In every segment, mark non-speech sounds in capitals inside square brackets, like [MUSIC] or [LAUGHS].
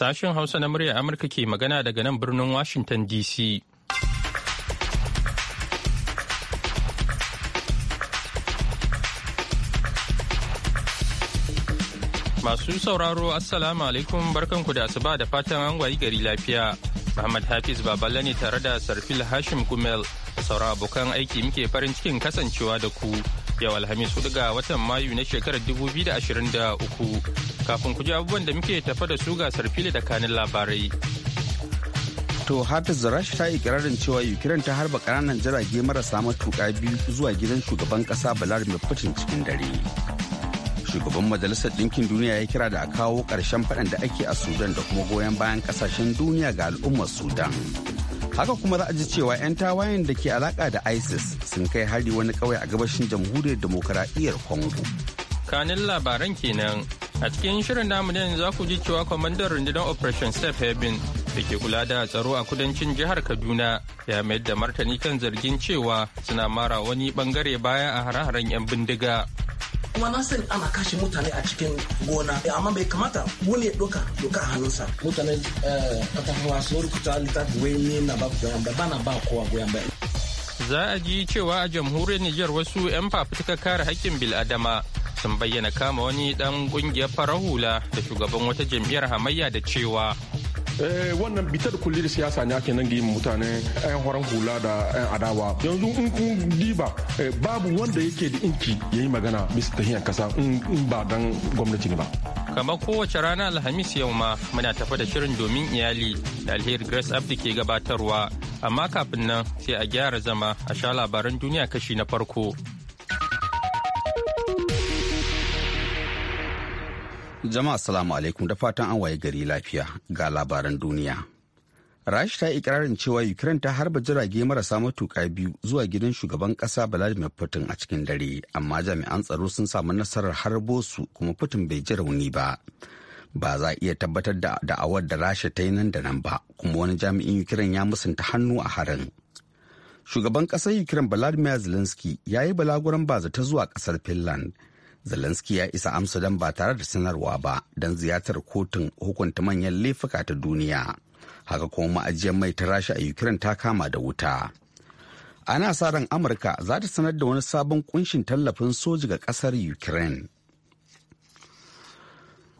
Sashen Hausa na murya Amurka ke magana daga nan birnin Washington DC. Masu sauraro Assalamu alaikum barkanku da asuba da fatan an wayi gari lafiya. Muhammad Hafiz Baballe ne tare da Sarfil Hashim Gumel saura abokan aiki muke farin cikin kasancewa da ku yau alhamis hudu ga watan mayu na shekarar 2023 kafin ku ji abubuwan da muke tafa da su gasar fili da kanin labarai to hafiz zarashi ta ikirarin cewa ukraine ta harba kananan jirage marasa matuka biyu zuwa gidan shugaban kasa vladimir putin cikin dare shugaban majalisar ɗinkin duniya ya kira da a kawo ƙarshen faɗan da ake a sudan da kuma goyon bayan ƙasashen duniya ga al'ummar sudan haka kuma za a ji cewa 'yan tawayen da ke alaka da isis sun kai hari wani kauye a gabashin jamhuriyar demokaradiyyar Congo. Kanin labaran kenan a cikin shirin namu ne za ku ji cewa kwamandan rundunar Operation step Haven da ke kula da tsaro a kudancin jihar Kaduna ya mayar da martani kan zargin cewa suna mara wani bangare baya a hare 'yan bindiga. kuma na sani ana kashe mutane a cikin gona eh, amma bai kamata wani ya doka doka hannunsa mutane eh, katafawa sun rukuta littafi wai ne na ba goyon ba na ba kowa goyon ba za a ji cewa a jamhuriyar Nijar wasu 'yan fafutukar kare hakkin bil'adama sun bayyana kama wani dan kungiyar farar hula da shugaban wata jam'iyyar hamayya da cewa eh, wannan bitar kulli da siyasa ne ake nan ga mutane 'yan horon hula da 'yan adawa yanzu in kun diba eh, babu wanda yake da inki ya yi magana bisa hiyar kasa in ba dan gwamnati ne ba kamar kowace rana alhamis yau ma muna tafa da shirin domin iyali da alheri grace abdi ke gabatarwa amma kafin nan sai a gyara zama a sha labaran duniya kashi na farko. Jama'a salamu alaikum da fatan an waye gari lafiya ga labaran duniya. Rashi ta yi ikirarin cewa Ukraine ta harba jirage marasa matuƙa biyu zuwa gidan shugaban ƙasa Vladimir Putin a cikin dare, amma jami'an tsaro sun samu nasarar harbo su kuma Putin bai ji rauni ba. ba za a iya tabbatar da da'awar da rasha ta yi nan da nan ba kuma wani jami'in ukraine ya musanta hannu a harin shugaban ƙasar ukraine vladimir zelensky ya yi balaguran ba zata zuwa ƙasar finland zelensky ya isa amsa amsterdam ba tare da sanarwa ba don ziyartar kotun hukunta manyan laifuka ta duniya haka kuma ma'ajiyar mai ta rasha a ukraine ta kama da wuta ana sa ran amurka za ta sanar da wani sabon kunshin tallafin soji ga kasar ukraine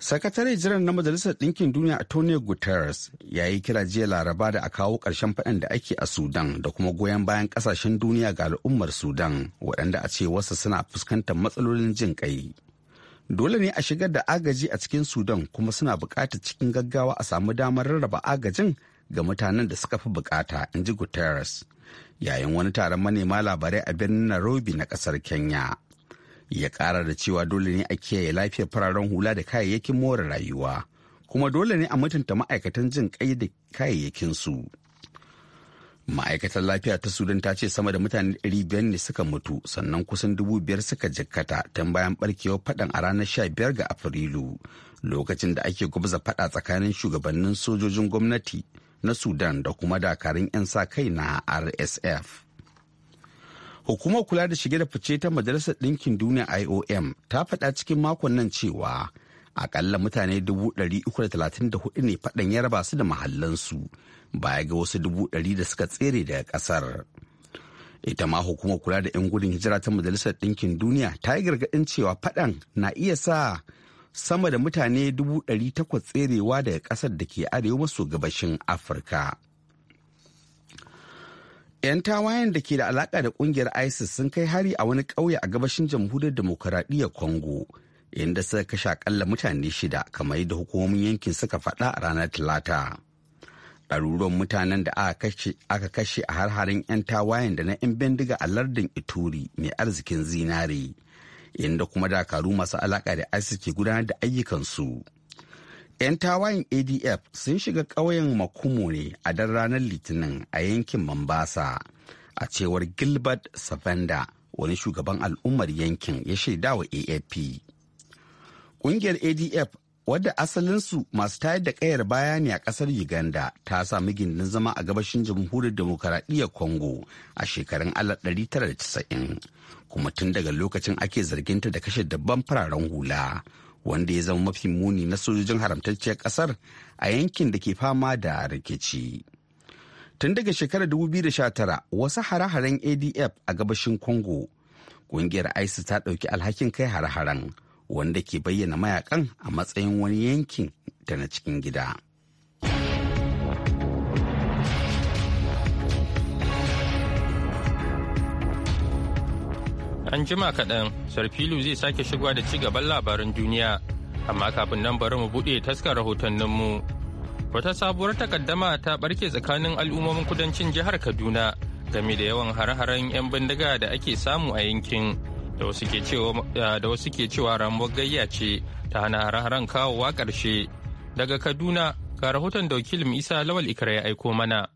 sakatare jiran na majalisar ɗinkin duniya Tony guterres ya yi kira jiya laraba da a kawo ƙarshen faɗan da ake a sudan da kuma goyon bayan ƙasashen duniya ga al'ummar sudan waɗanda a ce wasu suna fuskantar matsalolin jin ƙai dole ne a shigar da agaji a cikin sudan kuma suna buƙatar cikin gaggawa a samu damar rarraba agajin ga mutanen da suka fi buƙata in ji guterres yayin wani taron manema labarai a birnin nairobi na ƙasar kenya ya ƙara da cewa dole ne a kiyaye lafiyar fararen hula da kayayyakin more rayuwa kuma dole ne a mutunta ma'aikatan jin kai da kayayyakinsu ma'aikatar lafiya ta sudan ta ce sama da mutane 500 ne suka mutu sannan kusan 5,000 suka jikkata tun bayan barkewar fadan a ranar 15 ga afrilu lokacin da ake gwabza fada tsakanin shugabannin sojojin gwamnati na sudan da kuma dakarun 'yan sa kai na rsf Hukumar kula da shige da fice ta Majalisar Ɗinkin Duniya IOM ta faɗa cikin makon nan cewa akalla mutane 334 ne faɗan ya raba su da mahallansu baya ga wasu 100 da suka tsere daga ƙasar. Ita ma hukumar kula da 'yan gudun hijira ta Majalisar Ɗinkin Duniya ta yi gargaɗin cewa faɗan na iya sa sama da mutane 800 tserewa daga ƙasar da ke arewa maso gabashin Afirka. 'Yan tawayen da ke da alaka da kungiyar ISIS sun kai hari a wani ƙauye a gabashin jamhuriyar demokuraɗiyyar Congo, inda suka kashe akalla mutane shida kamar yadda hukumomin yankin suka faɗa a ranar Talata. Ɗaruruwan mutanen da aka kashe a harharin 'yan tawayen da na 'yan bindiga a lardin Ituri mai arzikin zinare, inda kuma dakaru masu alaka da ISIS ke gudanar da ayyukansu. su. 'Yan tawayen ADF sun shiga ƙauyen Makumo ne a dan ranar Litinin a yankin Mambasa, a cewar Gilbert Savanda, wani shugaban al'ummar yankin ya shaida wa AFP. Ƙungiyar ADF wadda asalinsu masu tayar da ƙayar baya ne a ƙasar Uganda ta sami gindin zama a gabashin jamhuriyar demokaradiyyar Congo a shekarun 1990 kuma tun daga lokacin ake zarginta da kashe dabban fararen hula wanda ya zama mafi muni na sojojin haramtacciyar kasar a yankin da ke fama da rikici. Tun daga shekarar 2019 wasu hare-haren ADF a gabashin Congo, ƙungiyar ISIS ta ɗauki alhakin kai hare-haren wanda ke bayyana mayakan a matsayin wani yankin da na cikin gida. An jima kaɗan, Sarfilu zai sake shigowa da ci gaban labaran duniya, amma kafin nan bari mu buɗe taskar rahotanninmu. Wata sabuwar takaddama ta ɓarke tsakanin al'ummomin kudancin jihar Kaduna game da yawan hare-haren 'yan bindiga da ake samu a yankin. Da wasu ke cewa eh, ramuwar gayya ce ta hana hare-haren kawowa ƙarshe. Daga Kaduna, ga rahoton da wakilin Isa Lawal Ikra ya aiko mana.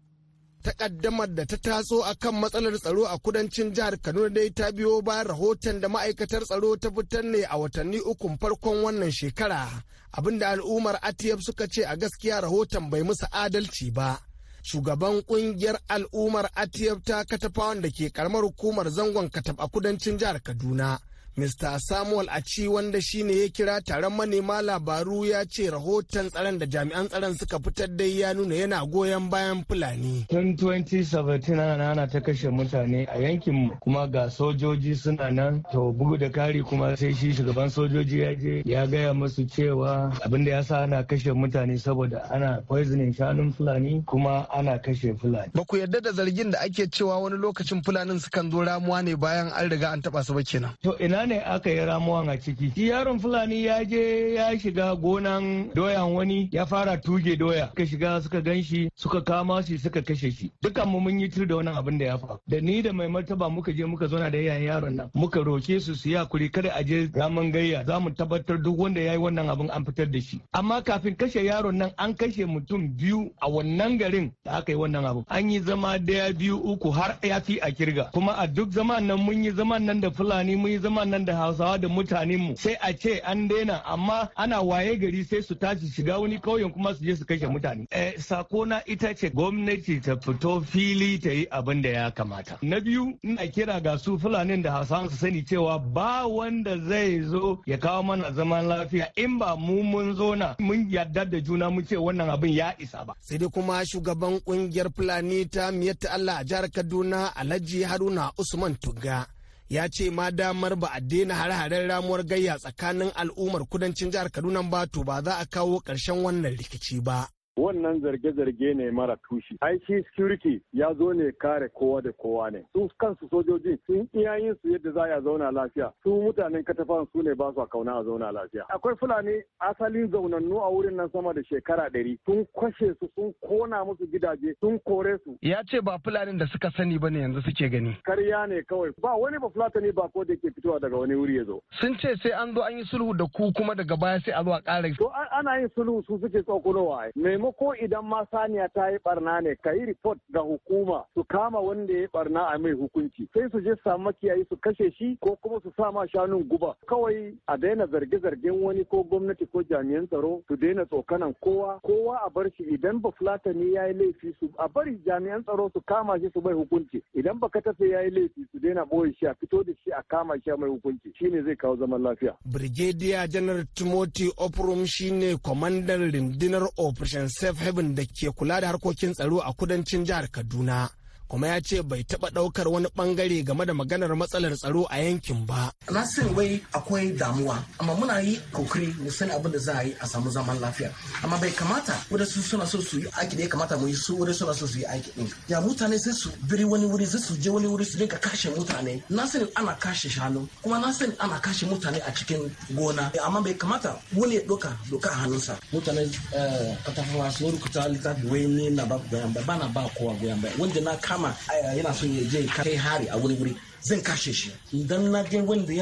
takaddamar da ta taso a kan matsalar tsaro a kudancin jihar Kaduna dai ta biyo bayan rahoton da ma'aikatar tsaro ta fitar ne a watanni ukun farkon wannan shekara abinda al'ummar Atiyaf suka ce a gaskiya rahoton bai musu adalci ba. Shugaban kungiyar al'ummar Atiyaf ta katafawan da ke karamar hukumar zangon katab a kudancin jihar Kaduna. Mr. Samuel Achi, wanda shi ne ya kira taron manema labaru ya ce rahoton tsaron da jami'an tsaron suka fitar dai ya nuna yana goyon bayan Fulani. Tun 2017 ana ana ta kashe mutane a yankin kuma ga sojoji suna nan to bugu da kari kuma sai shi shugaban sojoji ya je ya gaya musu cewa abin da ya sa ana kashe mutane saboda ana poisoning shanun Fulani kuma ana kashe Fulani. Ba ku yarda da zargin da ake cewa wani lokacin Fulanin sukan zo ramuwa ne bayan an riga an taɓa su ba kenan. ne aka yi ramuwan a ciki shi yaron fulani ya je ya shiga gonan doyan wani ya fara tuge doya suka shiga suka gan shi suka kama shi suka kashe shi dukan mu mun yi tur da wannan abin da ya faru da ni da mai martaba muka je muka zauna da yayan yaron nan muka roke su su ya kuri kada a je ramin gayya za mu tabbatar duk wanda ya yi wannan abin an fitar da shi amma kafin kashe yaron nan an kashe mutum biyu a wannan garin da aka yi wannan abin. an yi zama daya biyu uku har ya fi a kirga kuma a duk zaman nan mun yi zaman nan da fulani mun yi zaman nan da hausawa da mutanen mu sai a ce an daina amma ana waye gari sai su tashi shiga wani kauyen kuma su je su kashe mutane eh sako na ita ce gwamnati ta fito fili ta yi abin da ya kamata na biyu ina kira ga su fulanin da hausawan su sani cewa ba wanda zai zo ya kawo mana zaman lafiya in ba mu mun zo na mun yarda da juna mu ce wannan abin ya isa ba sai dai kuma shugaban kungiyar fulani ta miyatta Allah a jihar Kaduna Alhaji Haruna Usman Tuga ya ce ma damar ba a daina hare-haren ramuwar gayya tsakanin al'ummar kudancin jihar kaduna ba to ba za a kawo ƙarshen wannan rikici ba wannan zarge-zarge ne mara tushe. aiki shi ya zo ne kare kowa da kowa ne. Su kansu sojoji sun iyayen su yadda za a zauna lafiya. Su mutanen katafan su ne ba su a kauna a zauna lafiya. Akwai Fulani asalin zaunannu a wurin nan sama da shekara ɗari. Sun kwashe su sun kona musu gidaje sun kore su. Ya ce ba Fulanin da suka sani ba ne yanzu suke gani. Karya ne kawai. Ba wani ba ne ba ko da ke fitowa daga wani wuri ya zo. Sun ce sai an zo an yi sulhu da ku kuma daga baya sai a zo a ƙara. To ana yin sulhu su suke tsakulowa. Taimako idan ma saniya ta yi barna ne ka yi report ga hukuma su kama wanda ya yi barna a mai hukunci sai su je su samu makiyayi su kashe shi ko kuma su sa ma shanun guba kawai a daina zarge-zargen wani ko gwamnati ko jami'an tsaro su daina tsokanan kowa kowa a bar shi idan ba ne ya yi laifi su a bari jami'an tsaro su kama shi su mai hukunci idan ba tafi ya yi laifi su daina boye shi a fito da shi a kama shi a mai hukunci Shi ne zai kawo zaman lafiya. Brigadier General Timothy Oprom shine kwamandan Rindinar Operation safe haven da ke kula da harkokin tsaro a kudancin jihar kaduna kuma ya ce bai taɓa ɗaukar wani bangare game da maganar matsalar tsaro a yankin ba. Na sin wai akwai damuwa amma muna yi kokari mu san abin da za a yi a samu zaman lafiya amma bai kamata wadda su suna so su yi aiki da ya kamata mu yi su wadda suna so su yi aiki din. Ya mutane sai su biri wani wuri sai su je wani wuri su dinga kashe mutane. Na sani ana kashe shanu kuma na sani ana kashe mutane a cikin gona amma bai kamata wani ya doka doka a hannunsa. Mutane eh, katafawa su rukuta littafi wai ni na ba goyon ba na ba kowa goyon ba wanda na kama kama yana son ya je kai hari a wuri wuri zan kashe shi idan na je wanda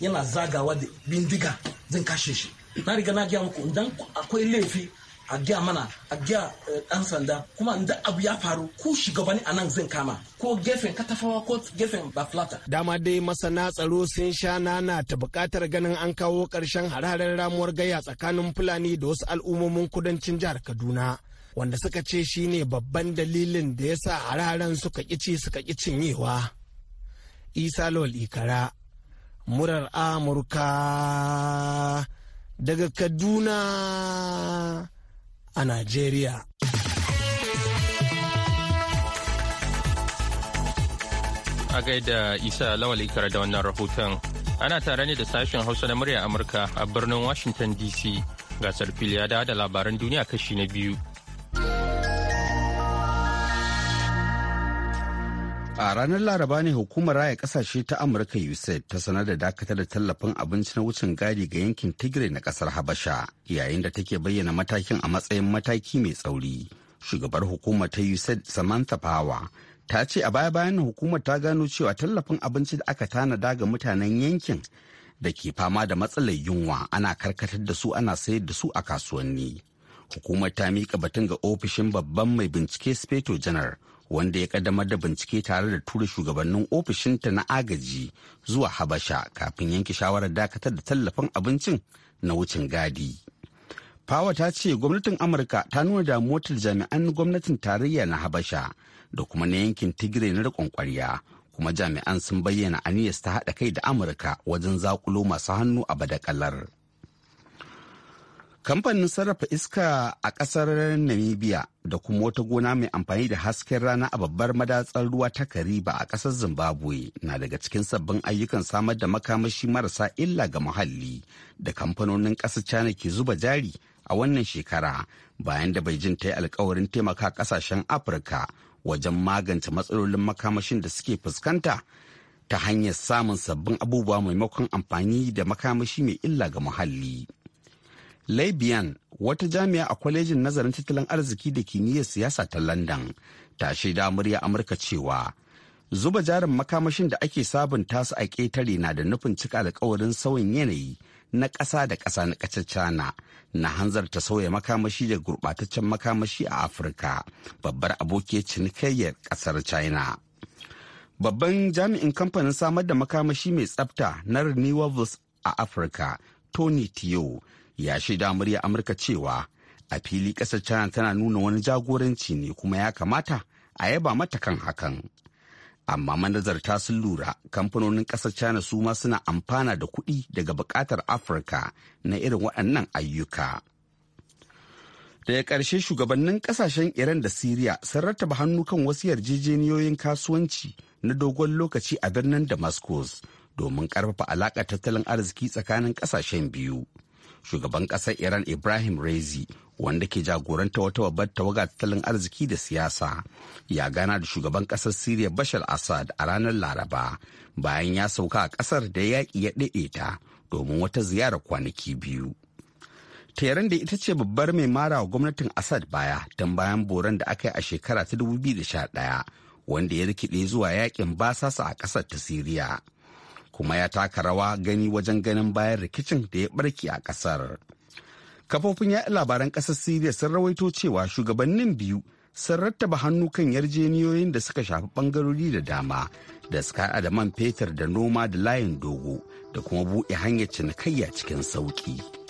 yana zagawa da bindiga zan kashe shi na riga na gaya muku idan akwai laifi a gya mana a gya dan eh, sanda kuma idan abu ya faru ku shugabani a nan zan kama ko gefen katafawa ko gefen baflata. dama dai masana tsaro sun sha nana ta bukatar ganin an kawo karshen hare-haren ramuwar gaya tsakanin fulani da wasu al'ummomin kudancin jihar kaduna wanda suka ce shi ne babban dalilin da ya sa raran suka ƙici suka ƙi cinyewa. Isa Lol Ikara, murar Amurka daga Kaduna a Najeriya. A gaida Isa Lawal Ikara da wannan rahoton ana tare ne da sashen Hausa da murya Amurka a birnin Washington DC. Gasar filiya ya da labaran duniya kashi na biyu. A ranar Laraba ne hukumar raya kasashe ta Amurka USAID ta sanar da dakatar da tallafin abinci na wucin gadi ga yankin Tigray na kasar Habasha yayin da take bayyana matakin a matsayin mataki mai tsauri. Shugabar hukumar ta USAID Samantha Power ta ce a baya-bayan hukumar ta gano cewa tallafin abinci da aka tanada ga mutanen yankin da ke fama da matsalar yunwa ana karkatar da su ana sayar da su a kasuwanni. Hukumar ta miƙa batun ga ofishin babban mai bincike Speto Janar wanda ya kaddamar da bincike tare da tura shugabannin ofishinta na agaji zuwa habasha kafin yanke shawarar dakatar da tallafin abincin na wucin gadi fawa ta ce gwamnatin amurka ta nuna da motar jami'an gwamnatin tarayya na habasha da kuma na yankin tigire na rikon kwarya kuma jami'an sun bayyana aniyas ta haɗa kai da amurka wajen zakulo masu hannu a badakalar. kamfanin sarrafa iska a ƙasar namibia da kuma wata gona mai amfani da hasken rana a babbar madatsar ruwa ta kariba a ƙasar zimbabwe na daga cikin sabbin ayyukan samar da makamashi marasa illa ga muhalli da kamfanonin ƙasar china ke zuba jari a wannan shekara bayan da beijing ta yi alkawarin taimaka ƙasashen afirka wajen magance matsalolin makamashin da suke fuskanta ta hanyar samun sabbin abubuwa maimakon amfani da makamashi mai illa ga muhalli. Labian wata jami'a a kwalejin nazarin tattalin arziki da kimiyyar siyasa ta London ta shaida murya Amurka cewa zuba jarin makamashin da ake sabunta su a ƙetare na da nufin cika alkawarin sauyin yanayi na ƙasa da ƙasa na ƙacaccana, na hanzarta sauya makamashi da gurɓataccen makamashi a Afirka babbar abokiyar cinikayyar ƙasar China. Babban jami'in kamfanin samar da makamashi mai tsafta na Renewables a Afirka, Tony Tio, ya shaida murya amurka cewa a fili ƙasar china tana nuna wani jagoranci ne kuma ya kamata a yaba mata kan hakan amma manazarta sun lura kamfanonin ƙasar china su ma suna amfana da kuɗi daga buƙatar afirka na irin waɗannan ayyuka daga ƙarshe shugabannin ƙasashen iran da siriya sun rattaba hannu kan wasu yarjejeniyoyin kasuwanci na dogon lokaci a birnin damascus domin ƙarfafa alaƙar tattalin arziki tsakanin ƙasashen biyu shugaban ƙasar iran ibrahim rezi wanda ke jagoranta wata babbar tawaga tattalin arziki da siyasa ya gana da shugaban ƙasar siriya bashar assad a ranar laraba bayan ya sauka a ƙasar da yaƙi ya ɗaiɗe ta domin wata ziyarar kwanaki biyu teran da ita ce babbar mai mara wa gwamnatin assad baya don bayan boran da aka yi a shekara ta 2011 wanda ya rikide zuwa yakin basasa a ƙasar ta siriya kuma ya taka rawa gani wajen ganin bayan rikicin da ya barke a kasar kafofin ya labaran kasar siriya sun rawaito cewa shugabannin biyu sun rattaba hannu kan yarjeniyoyin da suka shafi bangarori da dama da suka da man fetur da noma da layin dogo da kuma buɗe hanyar cinikayya cikin sauƙi.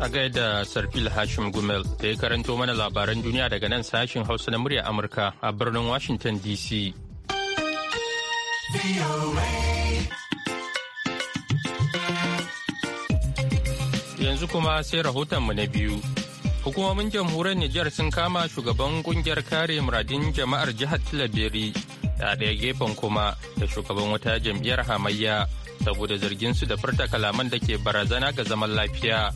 A gaida Sarfil Hashim Gumel da ya karanto mana labaran duniya daga nan sashin Hausa na murya Amurka a birnin Washington DC. Yanzu kuma sai rahotonmu na biyu. Hukumomin jamhuriyar Nijar sun kama shugaban kungiyar kare muradin jama'ar jihar tilabiri a ɗaya gefen kuma da shugaban wata jam'iyyar hamayya saboda zarginsu da furta kalaman da ke barazana ga zaman lafiya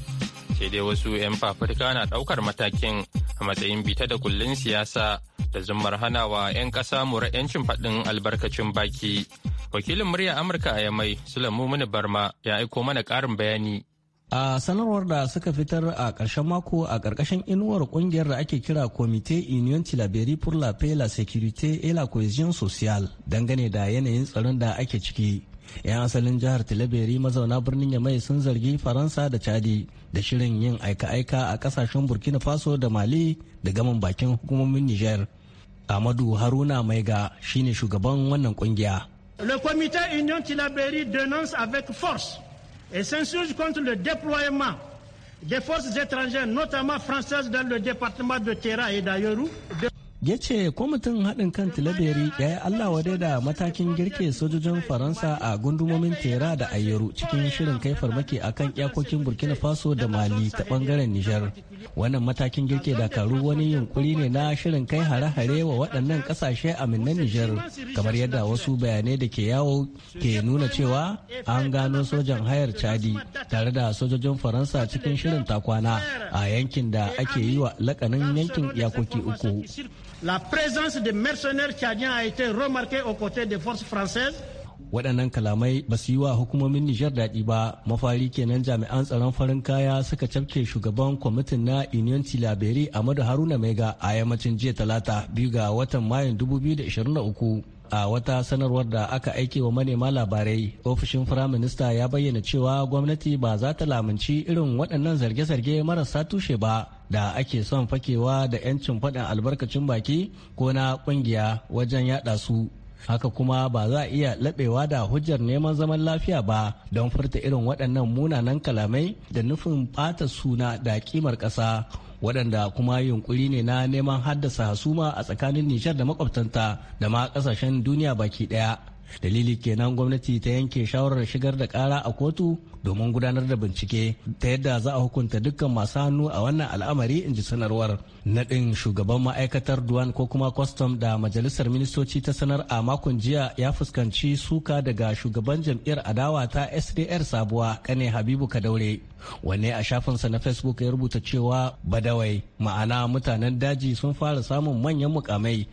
sai dai wasu 'yan fafirka na ɗaukar matakin a matsayin bita da kullun siyasa da zumar hanawa 'yan ƙasa mura 'yancin faɗin albarkacin baki wakilin murya amurka a yamai sulamu mini barma ya aiko mana ƙarin bayani a sanarwar da suka fitar a ƙarshen mako a ƙarƙashin inuwar ƙungiyar da ake kira komite union tilaberi pour la paix la sécurité et la cohesion sociale dangane da yanayin tsaron da ake ciki 'yan asalin jihar tilaberi mazauna birnin yamai sun zargi faransa da chadi da shirin yin aika-aika a kasashen burkina faso da mali da gaman bakin hukumomin niger amadu haruna maiga shine shugaban wannan kungiya le comité union tilaberi denonce avec force et s'insurge contre le déploiement des forces étrangères, notamment françaises, dans le département de Terra et d'Ayoru. De... ya ce kwamitin haɗin kan tilaberi ya yi allah wade da matakin girke sojojin faransa a gundumomin tera da ayyaru cikin shirin kai farmaki a kan iyakokin burkina faso da mali ta bangaren nijar wannan matakin girke dakaru wani yunkuri ne na shirin kai hare-hare wa waɗannan ƙasashe a minnan nijar kamar yadda wasu bayanai da ke yawo ke nuna cewa an gano sojan hayar chadi tare da sojojin faransa cikin shirin takwana a yankin da ake yi wa lakanin yankin iyakoki uku La présence de mercenaires tchadiens a été remarquée aux côtés des forces françaises. waɗannan kalamai ba su yi wa hukumomin Nijar daɗi ba mafari kenan jami'an tsaron farin kaya suka cafke shugaban kwamitin na Union Tilaberi Amadu Haruna Mega a yammacin jiya talata biyu ga watan Mayun 2023 a wata sanarwar da aka aike wa manema labarai ofishin firaminista ya bayyana cewa gwamnati ba za ta lamunci irin waɗannan zarge-zarge marasa tushe ba da ake son fakewa da 'yancin faɗin albarkacin baki ko na ƙungiya wajen yaɗa su haka kuma ba za a iya laɓewa da hujjar neman zaman lafiya ba don furta irin waɗannan munanan kalamai da nufin ɓata suna da kimar ƙasa waɗanda kuma yunkuri ne na neman haddasa hasuma a tsakanin nishar da makwabtanta da ma ƙasashen duniya baki ɗaya dalili kenan gwamnati ta yanke shawarar shigar da ƙara a kotu domin gudanar da bincike ta yadda za a hukunta dukkan masu hannu a wannan al'amari in ji sanarwar Naɗin shugaban ma'aikatar Duwan ko kuma kwastam da majalisar ministoci ta sanar a makon jiya ya fuskanci suka daga shugaban jam'iyyar adawa ta SDR sabuwa kane Habibu Kadaure. Wanne a shafinsa na Facebook ya rubuta cewa badawai ma'ana mutanen daji sun fara samun manyan mukamai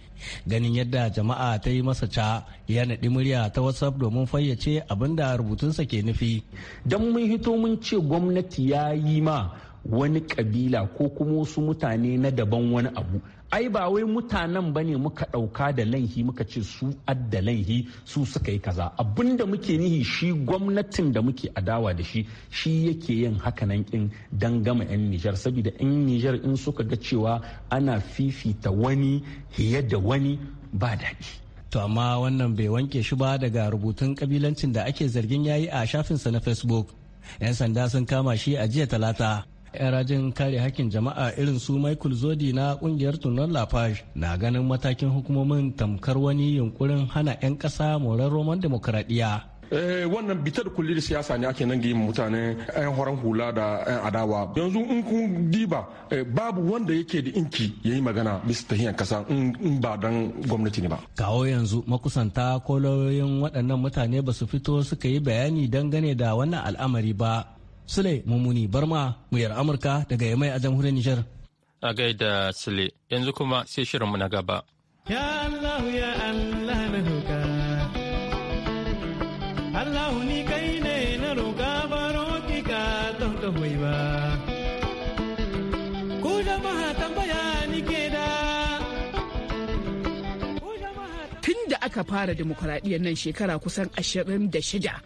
ganin yadda jama'a ta yi masa ca ya naɗi murya ta WhatsApp domin fayyace abin da rubutunsa ke nufi. Don mun hito mun ce gwamnati ya yi ma wani kabila ko kuma wasu mutane na daban wani abu ai ba wai mutanen ba ne muka ɗauka da laihi muka ce su adda laihi su suka yi kaza abin da muke nihi shi gwamnatin da muke adawa da shi shi yake yin hakanan kin don gama 'yan nijar saboda 'yan nijar in suka ga cewa ana fifita wani fiye da wani ba daɗi to amma wannan bai wanke shi ba daga rubutun kabilancin da ake zargin yayi a shafinsa na facebook 'yan sanda sun kama shi a jiya talata 'yan rajin kare hakkin jama'a irin su michael zodi na kungiyar tunan lafage na ganin matakin hukumomin tamkar wani yunkurin hana 'yan ƙasa morar roman demokuraɗiyya eh, wannan bitar kulli da siyasa ne ake nan ga mutane yan horon hula da yan adawa yanzu in kun diba eh, babu wanda yake da inki ya yi magana bisa hiyar kasa in ba dan gwamnati ne ba kawo yanzu makusanta ko waɗannan mutane ba su fito suka yi bayani dangane da wannan al'amari ba Sule Mumuni Barma muryar Amurka daga Yamai a jamhuriyar Nijar. A gaida Sule yanzu kuma sai shirinmu na gaba. Ya Allah ya Allah na roƙa. Allah ni kai ne na roƙa ba roƙi ka don ka hoyi ba. Ku jama'a tambaya ni ke da. Tun da aka fara demokuraɗiyyar nan shekara kusan ashirin da shida.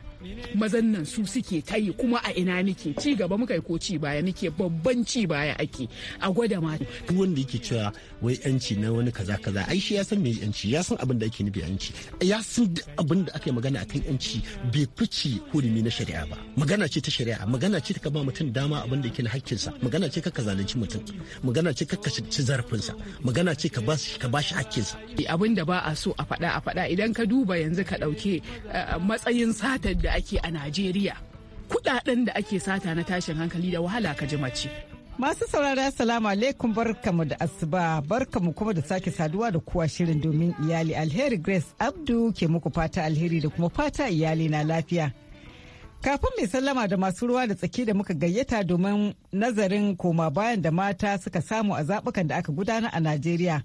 mazan nan su suke tayi kuma a ina nike ci gaba muka yi ko ci baya muke babban ci baya ake a gwada ma duk wanda yake cewa wai yanci na wani kaza kaza ai shi ya san me yanci ya san abin da ake nufi yanci ya san duk abin da aka yi magana akan yanci bai fice hurumi na shari'a ba magana ce ta shari'a magana ce ta ba mutum dama abin da yake na hakkinsa magana ce ka zalunci mutum magana ce ka ci zarafinsa magana ce ka ba shi ka ba shi hakkinsa abin da ba a so a faɗa a faɗa idan ka duba yanzu ka ɗauke eh, matsayin satar da ake a Najeriya kudaden da ake sata na tashin hankali da wahala ka ji mace. Masu saurari assalamu alaikum barkamu da asuba barkamu kuma da sake saduwa da kowa shirin domin iyali alheri Grace Abdu ke muku fata alheri da kuma fata iyali na lafiya. Kafin mai sallama da masu ruwa da tsaki da muka gayyata domin nazarin koma bayan da mata suka samu a zabukan da aka gudana a Najeriya.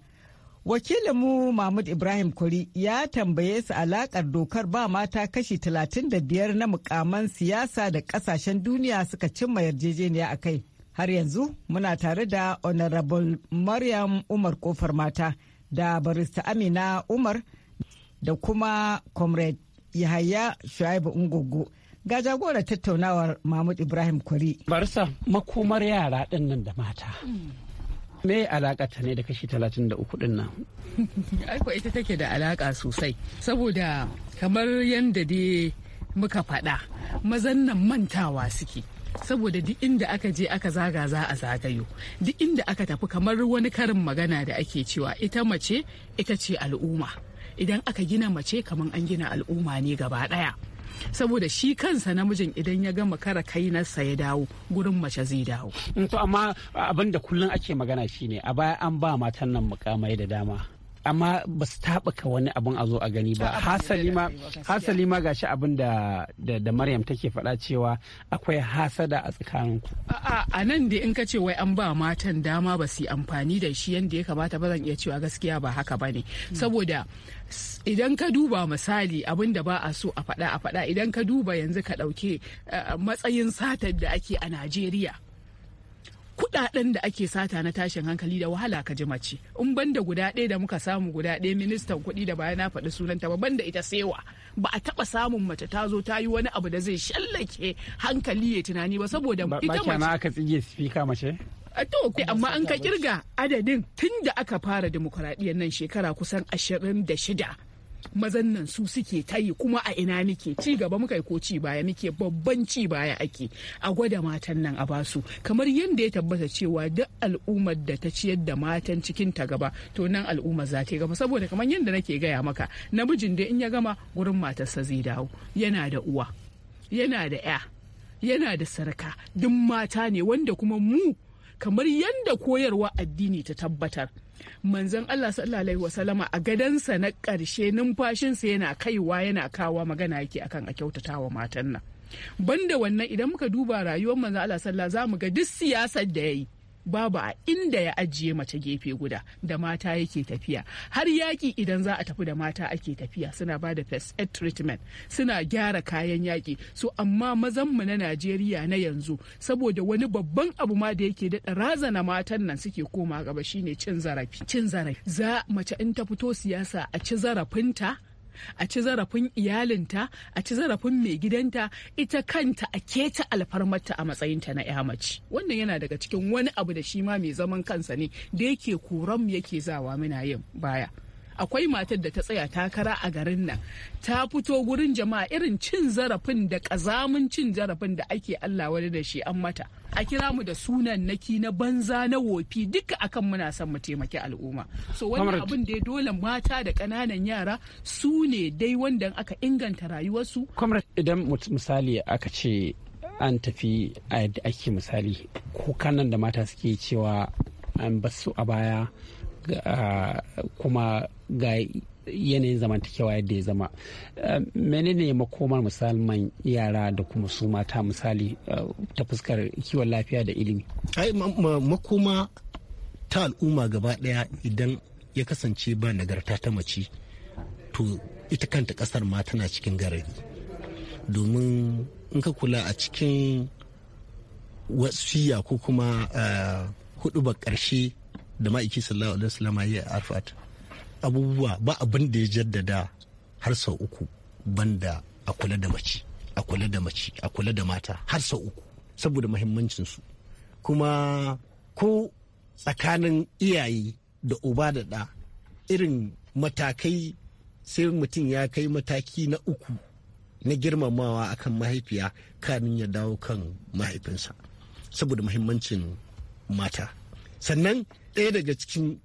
wakilinmu mahmud ibrahim kuri ya tambaye su alakar dokar ba mata kashi 35 na mukaman siyasa da kasashen duniya suka cimma yarjejeniya a kai har yanzu muna tare da honorable maryam umar kofar mata da barista amina umar da kuma comrade yahaya shu'aibu ungogo ga jagorar tattaunawar mahmud ibrahim kuri barista makomar yara ɗin nan da mata mm. me alaka ta ne da kashi 33 din nan [LAUGHS] aiko ita take da alaƙa sosai saboda kamar yadda dai muka faɗa mazan nan mantawa suke saboda duk inda aka je aka zaga za a zagayo duk inda aka tafi kamar wani karin magana da ake cewa ita mace ita ce al'umma idan aka gina mace kamar an gina al'umma ne gaba ɗaya saboda shi kansa namijin idan ya gama kara kai nasa ya dawo gurin mace zai dawo mm, to amma abin da kullum ake magana shine a baya an ba matan nan mukamai da dama amma ba su taɓuka wani abin a zo a gani ba hasali ma gashi abin da da maryam take faɗa cewa akwai hasada a tsakaninku a nan da in ka ce wai an ba matan dama ba su amfani da shi yadda ya kamata ba zan iya cewa gaskiya ba haka ba ne mm. saboda idan ka duba misali abin da ba a so a faɗa a faɗa idan ka duba yanzu ka ɗauke eh, eh, matsayin satar da ake a najeriya kudaden da ake sata na tashin hankali da wahala ka ji mace in banda guda ɗaya da muka samu guda ɗaya ministan kuɗi da bayan na faɗi sunanta ba banda ita sewa ba a taɓa samun mace ta zo ta yi wani abu da zai shallake hankali ya tunani ba saboda ita mace ba aka tsige spika mace Eh, to, amma an ka kirga adadin tun da aka fara demokuraɗiyyar nan shekara kusan ashirin da shida. Mazan nan su suke tayi kuma a ina muke ci gaba muka ko ci baya muke babban ci baya ake a gwada matan nan a basu kamar yadda ya tabbata cewa duk al'ummar da ta ciyar da matan cikin ta gaba to nan al'ummar za ta gaba saboda kamar yadda nake gaya maka namijin da in ya gama wurin matarsa zai dawo yana da uwa yana da ya yana da sarka duk mata ne wanda kuma mu kamar yadda koyarwa addini ta tabbatar manzon Allah sallallahu alaihi a gadansa na ƙarshe numfashinsa yana kaiwa yana kawa magana yake akan a kyautata wa matan nan banda wannan idan muka duba rayuwar manzon Allah sallallahu za mu ga duk siyasar da yayi babu a inda ya ajiye mace gefe guda da mata yake tafiya har yaƙi idan za a tafi da mata ake tafiya suna ba da first aid treatment suna gyara kayan yaƙi so amma mazanmu na Najeriya na yanzu saboda wani babban abu ma da yake daɗa razana matan nan suke koma gaba shine cin zarafi cin zarafi za mace in ta fito siyasa a ci zarafinta a ci zarafin iyalinta a ci zarafin mai gidanta ita kanta a keta alfarmarta a matsayinta na ya mace wannan yana daga cikin wani abu da shi ma mai zaman kansa ne da yake koran yake zawa muna yin baya akwai matar da ta tsaya takara a garin nan ta fito gurin jama'a irin cin zarafin da kazamin cin zarafin da ake Allah wani da shi an mata a kira mu da sunan naki na banza na wofi duka akan muna son mu taimaki al'umma so wannan abin da dole mata da ƙananan yara su ne dai wanda aka inganta rayuwarsu idan misali aka ce an tafi a ake misali ko nan da mata suke cewa an basu a baya kuma ga yanayin zamantakewa yadda ya zama eh, menene makomar musamman yara da kuma su mata misali eh, ta fuskar kiwon lafiya da ilimi ai makoma ta al'umma gaba daya idan ya kasance ba nagarta ta mace to ita kanta kasar ma tana cikin garari domin in ka kula a cikin wasiya ko kuma eh, hudu ba ƙarshe da ma'aiki sallallahu alaihi wasallam ya yi arfat abubuwa ba abin da ya jaddada har sau uku banda a kula da mace a kula da mace a kula da mata har sau uku saboda mahimmancin su kuma ko tsakanin iyaye da uba da ɗa irin matakai sai mutum ya kai mataki na uku na girmamawa akan mahaifiya kanin ya dawo kan mahaifinsa saboda mahimmancin mata sannan ɗaya daga cikin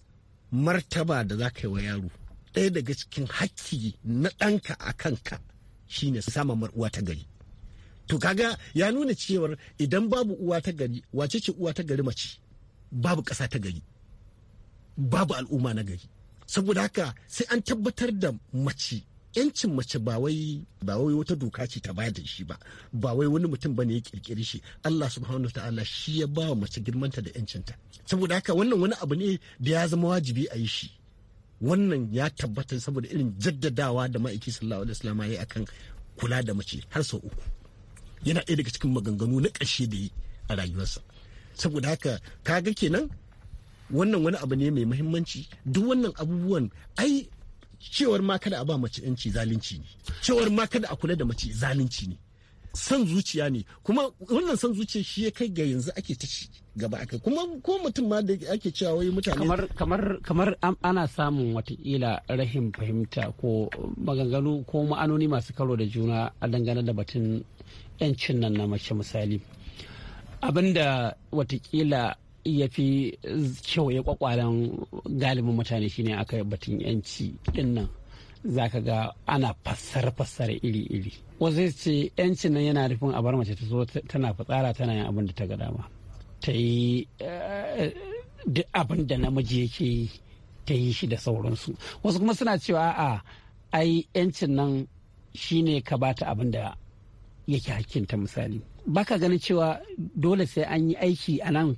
martaba da za ka yi wa yaro ɗaya daga cikin hakki na ɗanka a kanka shine sama uwa ta gari to kaga ya nuna cewar idan babu uwa ta gari wace ce uwa ta gari mace babu ƙasa ta gari babu al'umma na gari saboda haka sai an tabbatar da mace yancin mace ba wai wata doka ce ta bada shi ba ba wai wani mutum ba ne ya kirkiri shi Allah subhanahu ta'ala shi ya ba wa mace girmanta da yancinta saboda haka wannan wani abu ne da ya zama wajibi a yi shi wannan ya tabbatar saboda irin jaddadawa da ma'aiki sallallahu alaihi wasallam ya akan kula da mace har sau uku yana ɗaya daga cikin maganganu na ƙarshe da yi a rayuwarsa saboda haka kaga kenan wannan wani abu ne mai muhimmanci duk wannan abubuwan ai cewar ma kada a ba mace yanci zalunci ne cewar ma kada a kula da mace zalunci ne san zuciya ne kuma wannan san zuciya shi ya kai ga yanzu ake ta gaba akai kuma ko mutum ma da ake cewa wai mutane kamar kamar kamar ana samun watakila rahim fahimta ko maganganu ko ma'anoni masu karo da juna a dangane da batun yancin nan na mace misali abinda watakila ya fi ya kwakwalen galibin mutane shine aka batun yanci din nan za ka ga ana fassara fassara iri-iri wasu ce yancin nan yana nufin a bar mace ta zo tana fitsara tana yin abin da ta ga dama ta yi eh, duk abin da namiji yake yi ta yi shi da sauransu wasu kuma suna cewa a ai yancin nan shine ka bata abin da yake ta misali baka ganin cewa dole sai an yi aiki a nan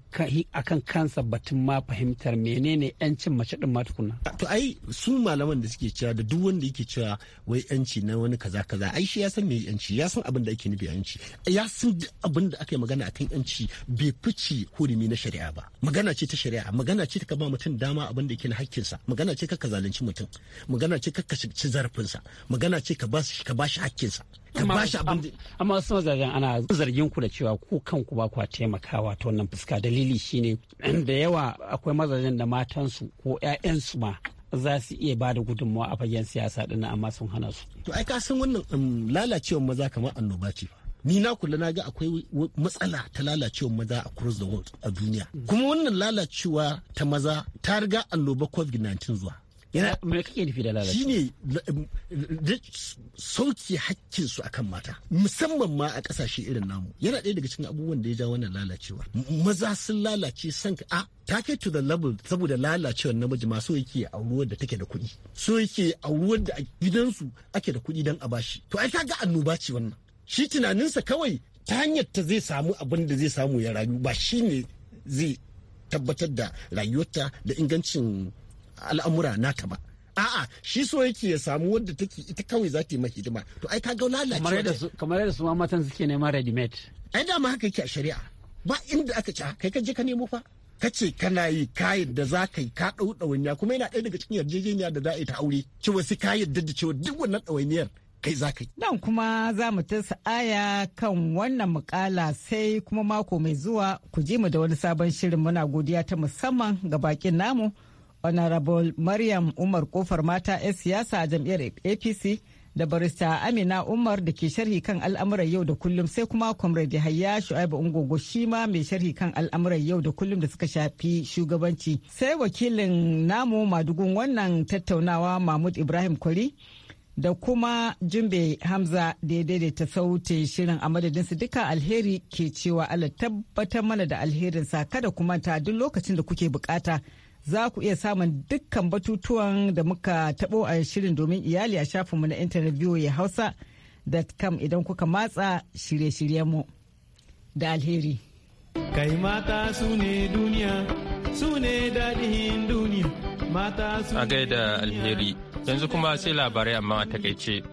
akan kansa batun ma fahimtar menene yancin mace din ma tukuna to ai su malaman da suke cewa da duk wanda yake cewa wai yanci na wani kaza kaza ai shi ya san me yanci ya san abin da ake nufi yanci ya san abin da aka yi magana akan yanci bai fice hurumi na shari'a ba magana ce ta shari'a magana ce ta ba mutum dama abin da yake na hakkinsa magana ce ka zalunci mutum magana ce ka ci zarafinsa magana ce ka ba shi hakkinsa ba shi abin amma sun zargin ana zargin ku da cewa ku kanku ba kwa taimakawa ta wannan fuska dalili shine da yawa akwai mazajen da matansu ko 'ya'yansu ma za su iya ba da gudunmawa a fagen siyasa din amma sun hana su to ai ka san wannan um, lalacewar maza kamar annoba ce ni na kula na ga akwai matsala ta lalacewar maza a cross the world a duniya kuma wannan lalacewa ta maza ta riga annoba covid-19 zuwa yana mai kake nufi da lalaci shine sauki hakkin su akan mata musamman ma a kasashe irin namu yana ɗaya daga cikin abubuwan da ya ja wannan lalacewa maza sun lalace san ka a ta kai to the level saboda lalacewar namiji ma so yake ruwan da take da kuɗi so yake a ruwan da a gidansu ake da kuɗi dan a bashi to ai kaga annoba ce wannan shi tunaninsa kawai ta hanyar ta zai samu abin da zai samu ya rayu ba shine zai tabbatar da rayuwarta da ingancin al'amura nata ba a'a shi so yake ya samu wadda take ita kawai za ta yi hidima to ai ka ga lalacewa kamar yadda su ma matan suke neman ready made ai dama haka yake a shari'a ba inda aka ci ah, kai ka je ka nemo fa ka ce kana yi kayan da za ka yi ka ɗau ɗawainiya kuma yana ɗaya daga cikin yarjejeniya da za a yi ta aure cewa sai ka yarda da cewa duk wannan ɗawainiyar kai za ka yi. Nan kuma za mu ta aya kan wannan mukala sai kuma mako mai zuwa ku ji mu da wani sabon shirin muna godiya ta musamman ga bakin namu. honorable maryam umar kofar mata 'yan siyasa a jam'iyyar apc da barista amina umar da ke sharhi kan al'amuran yau da kullum sai kuma comrade hayya shu'aibu ungogo shi ma mai sharhi kan al'amuran yau da kullum da suka shafi shugabanci sai wakilin namu madugun wannan tattaunawa mahmud ibrahim kwari da kuma jumbe hamza daidai da ya daidaita shirin a madadinsu duka alheri ke cewa allah tabbatar mana da alherinsa kada kuma ta duk lokacin da kuke bukata za ku iya samun dukkan batutuwan da muka tabo a shirin domin iyali a shafinmu na intanet ya hausa.com idan kuka matsa shirye-shiryenmu da alheri. Kai mata su ne duniya, su ne daɗin duniya, mata su ne duniya A gaida alheri, yanzu kuma sai labarai amma a takaice.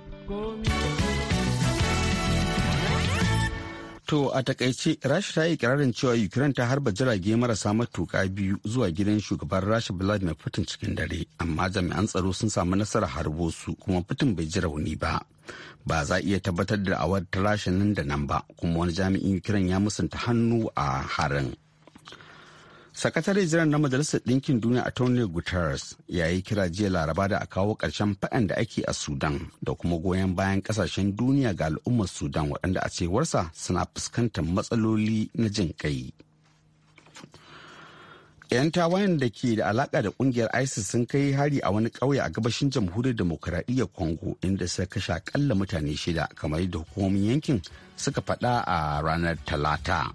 To a takaice Rasha ta yi kirarin cewa Ukraine ta harba jirage marasa matuka biyu zuwa gidan shugaban Rasha Vladimir Putin cikin dare, amma jami'an tsaro sun samu nasarar harbo su kuma Putin bai ji rauni ba. Ba za iya tabbatar da awar ta Rasha nan da nan ba, kuma wani jami'in Ukraine ya musanta hannu a harin. sakatare jiran na majalisar ɗinkin duniya a tony guterres ya yi kira jiya laraba da a kawo ƙarshen faɗan da ake a sudan da kuma goyon bayan ƙasashen duniya ga al'ummar sudan waɗanda a cewarsa suna fuskantar matsaloli na jin kai 'yan tawayen da ke da alaka da kungiyar isis sun kai hari a wani ƙauye a gabashin jamhuriyar demokuraɗiyyar congo inda suka kashe akalla mutane shida kamar yadda hukumomin yankin suka faɗa a ranar talata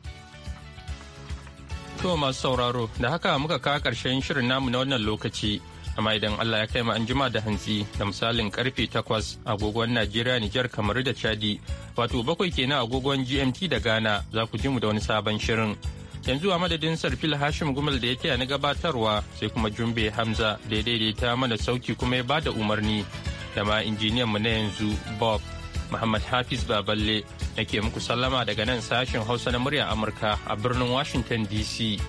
To masu sauraro da haka muka kawo ƙarshen shirin namu na wannan lokaci. Amma idan Allah ya kai mu an jima da hantsi da misalin karfe takwas agogon Najeriya Nijar kamar da Chadi wato bakwai kenan agogon GMT da Ghana za ku ji mu da wani sabon shirin. Yanzu a madadin Sarfil Hashim Gumal da ya taya na gabatarwa sai kuma Jumbe Hamza da ya daidaita mana sauki kuma ya bada umarni da ma injiniyan mu na yanzu Bob Muhammad Hafiz Baballe nake muku sallama daga nan sashen Hausa na murya Amurka a birnin Washington DC.